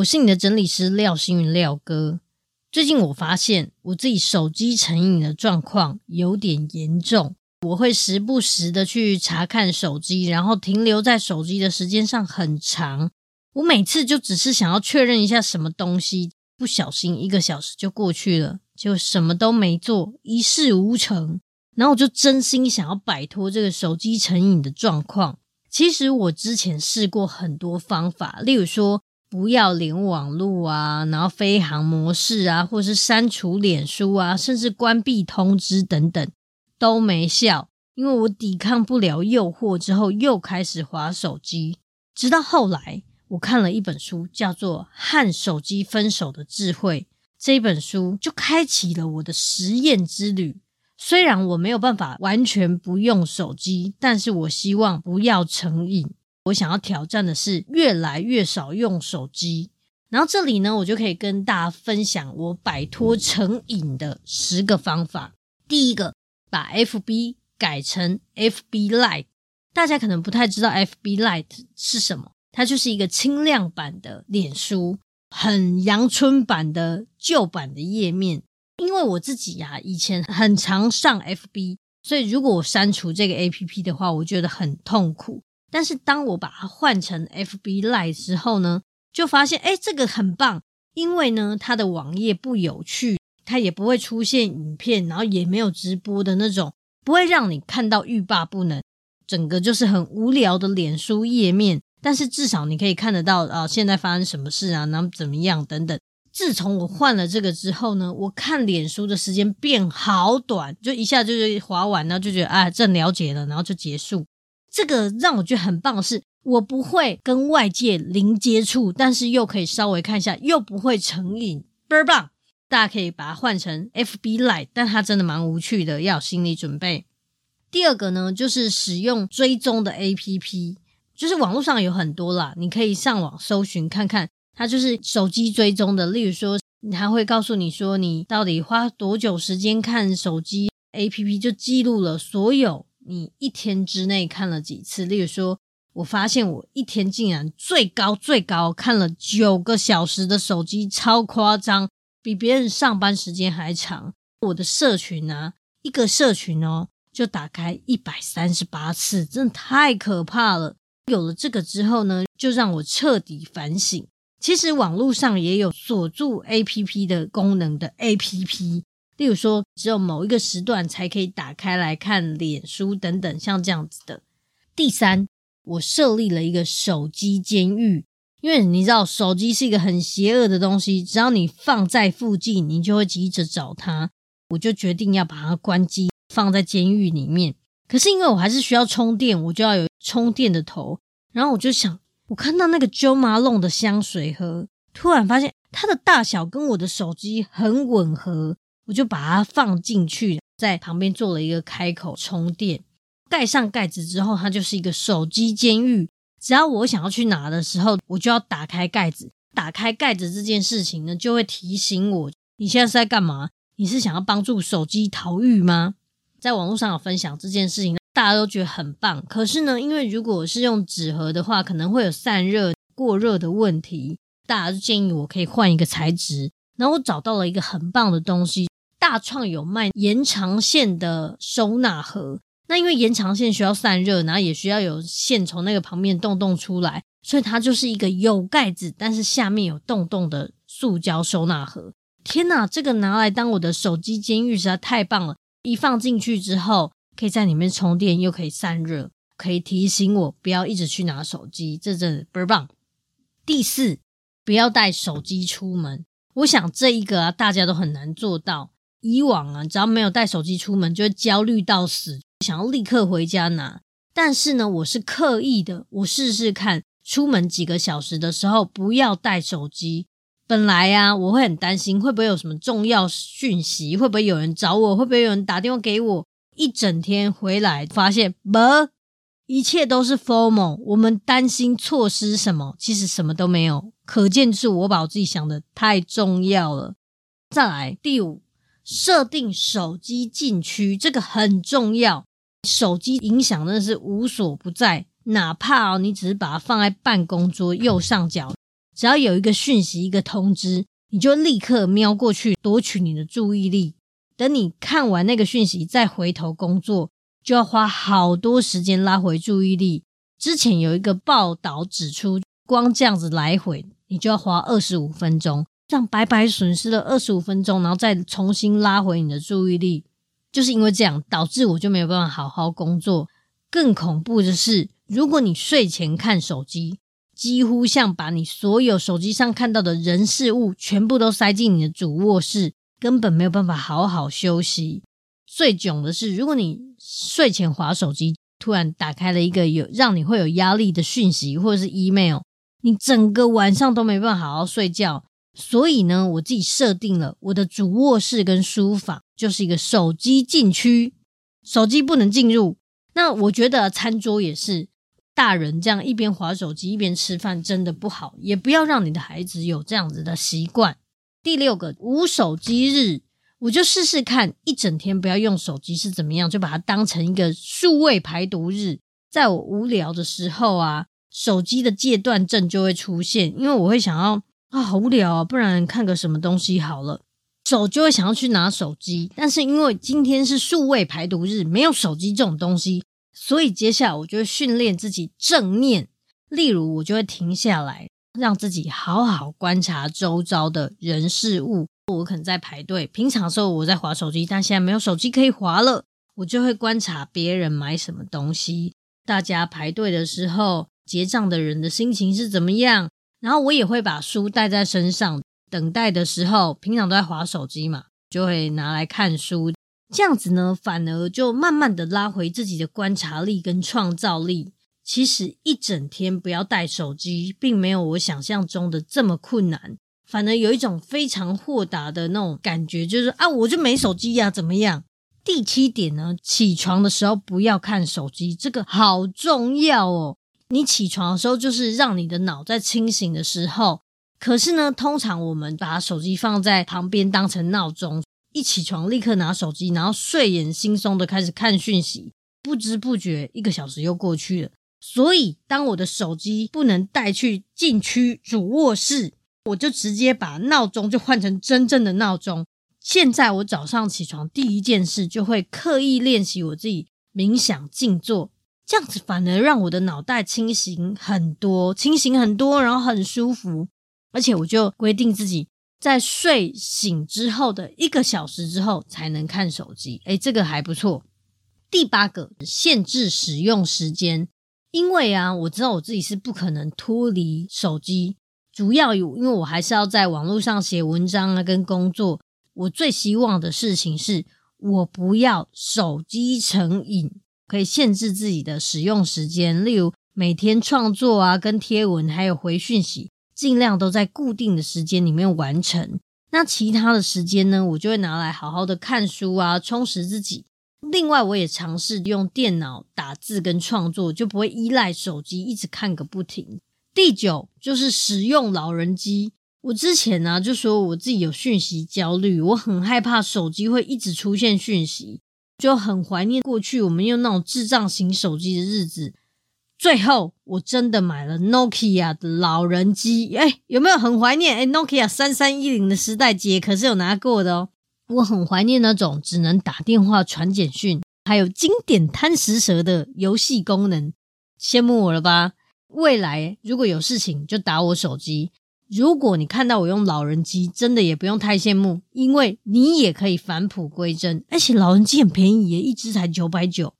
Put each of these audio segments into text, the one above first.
我是你的整理師廖星雲廖哥。最近我發現我自己手機成癮的狀況有點嚴重，我會時不時的去查看手機，然後停留在手機的時間上很長。我每次就只是想要確認一下什麼東西，不小心一個小時就過去了，就什麼都沒做，一事無成。然後我就真心想要擺脫這個手機成癮的狀況。其實我之前試過很多方法，例如說，不要連網路啊，然後飛航模式啊，或是刪除臉書啊，甚至關閉通知等等，都沒效，因為我抵抗不了誘惑。之後又開始滑手機，直到後來我看了一本書，叫做《和手機分手的智慧》。這本書就開啟了我的實驗之旅。雖然我沒有辦法完全不用手機，但是我希望不要成癮。我想要挑戰的是越來越少用手機，然後這裡呢，我就可以跟大家分享我擺脫成癮的十個方法。第一個，把 FB 改成 FB Lite。大家可能不太知道 FB Lite 是什麼，它就是一個輕量版的臉書，很陽春版的舊版的頁面。因為我自己呀、啊，以前很常上 FB，所以如果我刪除這個 APP 的話，我覺得很痛苦。但是當我把它換成 FB Lite 之後呢，就發現哎，這個很棒，因為呢，它的網頁不有趣，它也不會出現影片，然後也沒有直播的那種，不會讓你看到欲罷不能，整個就是很無聊的臉書頁面。但是至少你可以看得到啊，現在發生什麼事啊，那怎麼樣等等。自從我換了這個之後呢，我看臉書的時間變好短，就一下就是滑完了，然後就覺得啊正、哎、了解了，然後就結束。這個讓我覺得很棒的是，我不會跟外界零接觸，但是又可以稍微看一下，又不會成癮，very 棒。大家可以把它換成 FB Lite，但它真的蠻無趣的，要有心理準備。第二個呢，就是使用追蹤的 APP，就是網絡上有很多啦，你可以上網搜尋看看，它就是手機追蹤的，例如說，它會告訴你說你到底花多久時間看手機 APP，就記錄了所有。你一天之內看了幾次？例如說，我發現我一天竟然最高最高看了九個小時的手機，超誇張，比別人上班時間還長。我的社群啊，一個社群哦，就打開一百三十八次，真的太可怕了。有了這個之後呢，就讓我徹底反省。其實網絡上也有鎖住 APP 的功能的 APP。例如說，只有某一個時段才可以打開來看臉書等等，像這樣子的。第三，我設立了一個手機監獄，因為你知道手機是一個很邪惡的東西，只要你放在附近，你就會急着找它。我就決定要把它關機，放在監獄裡面。可是因為我還是需要充電，我就要有充電的頭。然後我就想，我看到那個 Jo Malone 的香水盒，突然發現它的大小跟我的手機很吻合。我就把它放進去，在旁邊做了一個開口充電，蓋上蓋子之後，它就是一個手機監獄。只要我想要去拿的時候，我就要打開蓋子。打開蓋子這件事情呢，就會提醒我，你現在是在幹嘛？你是想要幫助手機逃獄嗎？在網絡上有分享這件事情，大家都覺得很棒。可是呢，因為如果是用紙盒的話，可能會有散熱過熱的問題，大家就建議我可以換一個材質。然後我找到了一個很棒的東西。大創有賣延長線的收納盒。那因為延長線需要散熱，然後也需要有線從那個旁邊洞洞出來，所以它就是一個有蓋子，但是下面有洞洞的塑膠收納盒。天哪，這個拿來當我的手機監獄實在太棒了！一放進去之後，可以在裡面充電，又可以散熱，可以提醒我不要一直去拿手機。這真的倍棒。第四，不要帶手機出門。我想這一個啊，大家都很難做到。以往啊，只要沒有帶手機出門，就會焦慮到死，想要立刻回家拿。但是呢，我是刻意的，我試試看，出門幾個小時的時候不要帶手機。本來呀、啊，我會很擔心，會不會有什麼重要訊息，會不會有人找我，會不會有人打電話給我。一整天回來發現，不，一切都是 FOMO。我們擔心錯失什麼，其實什麼都沒有。可見是我，我把我自己想得太重要了。再來第五。設定手機禁區，這個很重要。手機影響真的是無所不在，哪怕啊你只是把它放在辦公桌右上角，只要有一個訊息、一個通知，你就立刻瞄過去，奪取你的注意力。等你看完那個訊息，再回頭工作，就要花好多時間拉回注意力。之前有一個報道指出，光這樣子來回，你就要花二十五分鐘。讓白白損失了二十五分鐘，然後再重新拉回你的注意力，就是因為這樣，導致我就沒有辦法好好工作。更恐怖的是，如果你睡前看手機，幾乎像把你所有手機上看到的人事物全部都塞進你的主臥室，根本沒有辦法好好休息。最囧的是，如果你睡前滑手機，突然打開了一個有讓你會有壓力的訊息，或者是 email，你整個晚上都沒辦法好好睡覺。所以呢，我自己設定了我的主臥室跟書房就是一個手機禁區，手機不能進入。那我覺得餐桌也是，大人這樣一邊滑手機一邊吃飯真的不好，也不要讓你的孩子有這樣子的習慣。第六個無手機日，我就試試看一整天不要用手機是怎麼樣，就把它當成一個數位排毒日。在我無聊的時候啊，手機的戒斷症，就會出現，因為我會想要。啊，好無聊啊！不然看個什麼東西好了，手就會想要去拿手機。但是，因為今天是數位排毒日，沒有手機這種東西，所以接下來我就會訓練自己正念。例如，我就會停下來，讓自己好好觀察周遭的人事物。我可能在排隊，平常的時候我在滑手機，但現在沒有手機可以滑了，我就會觀察別人買什麼東西，大家排隊的時候結賬的人的心情是怎麼樣。然後我也會把書帶在身上，等待的時候，平常都在滑手機嘛，就會拿來看書。這樣子呢，反而就慢慢的拉回自己的觀察力跟創造力。其實一整天不要帶手機，並沒有我想象中的這麼困難，反而有一種非常豁達的那種感覺，就是啊，我就沒手機呀，啊，怎麼樣？第七點呢，起床的時候不要看手機，這個好重要哦。你起床的時候，就是讓你的腦在清醒的時候。可是呢，通常我們把手機放在旁邊，當成鬧鐘。一起床，立刻拿手機，然後睡眼惺忪的開始看訊息，不知不覺一個小時又過去了。所以，當我的手機不能帶去禁區主臥室，我就直接把鬧鐘就換成真正的鬧鐘。現在我早上起床第一件事，就會刻意練習我自己冥想靜坐。這樣子反而讓我的腦袋清醒很多，清醒很多，然後很舒服。而且我就規定自己在睡醒之後的一個小時之後才能看手機。誒，這個還不錯。第八個，限制使用時間，因為啊，我知道我自己是不可能脫離手機，主要有因為我還是要在網絡上寫文章啊，跟工作。我最希望的事情是我不要手機成癮。可以限制自己的使用時間，例如每天創作啊、跟貼文，還有回訊息，盡量都在固定的時間裡面完成。那其他的時間呢，我就會拿來好好的看書啊，充實自己。另外，我也嘗試用電腦打字跟創作，就不會依賴手機一直看個不停。第九，就是使用老人機。我之前呢、啊、就說我自己有訊息焦慮，我很害怕手機會一直出現訊息。就很懷念過去我們用那種智障型手機的日子。最後我真的買了 Nokia 的老人機，誒，有沒有很懷念？誒 Nokia 三三一零的時代，姐可是有拿過的哦。我很懷念那種只能打電話、傳簡訊，還有經典貪食蛇的遊戲功能。羨慕我了吧？未來如果有事情，就打我手機。如果你看到我用老人機，真的也不用太羨慕，因為你也可以返璞歸真，而且老人機很便宜耶，一支才九百九。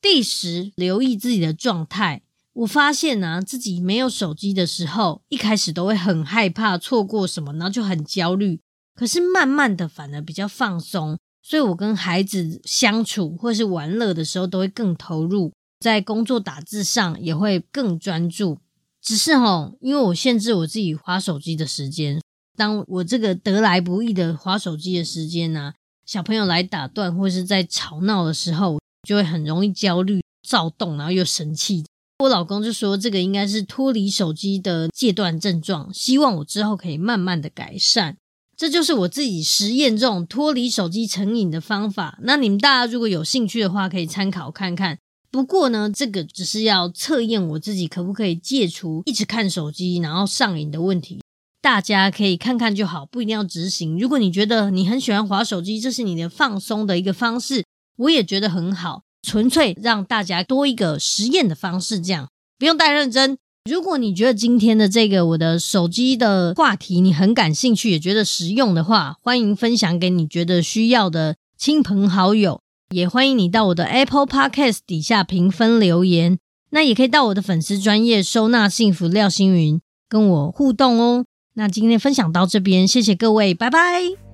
第十，留意自己的狀態。我發現呢、啊，自己沒有手機的時候，一開始都會很害怕錯過什麼，然後就很焦慮。可是慢慢的，反而比較放鬆，所以我跟孩子相處或是玩樂的時候，都會更投入，在工作打字上也會更專注。只是吼，因為我限制我自己滑手機的時間，當我這個得來不易的滑手機的時間呢、啊，小朋友來打斷或是在吵鬧的時候，就會很容易焦慮、躁動，然後又生氣。我老公就說，這個應該是脫離手機的戒斷症狀，希望我之後可以慢慢的改善。這就是我自己實驗這種脫離手機成癮的方法。那你們大家如果有興趣的話，可以參考看看。不過呢，這個只是要測驗我自己可不可以戒除一直看手機然後上癮的問題。大家可以看看就好，不一定要執行。如果你覺得你很喜歡滑手機，這是你的放鬆的一個方式，我也覺得很好。純粹讓大家多一個實驗的方式，這樣不用太認真。如果你覺得今天的這個我的手機的話題你很感興趣，也覺得實用的話，歡迎分享給你覺得需要的親朋好友。也歡迎你到我的 Apple Podcast 底下評分留言，那也可以到我的粉絲專頁收納幸福廖心筠跟我互動哦。那今天分享到這邊，謝謝各位，拜拜。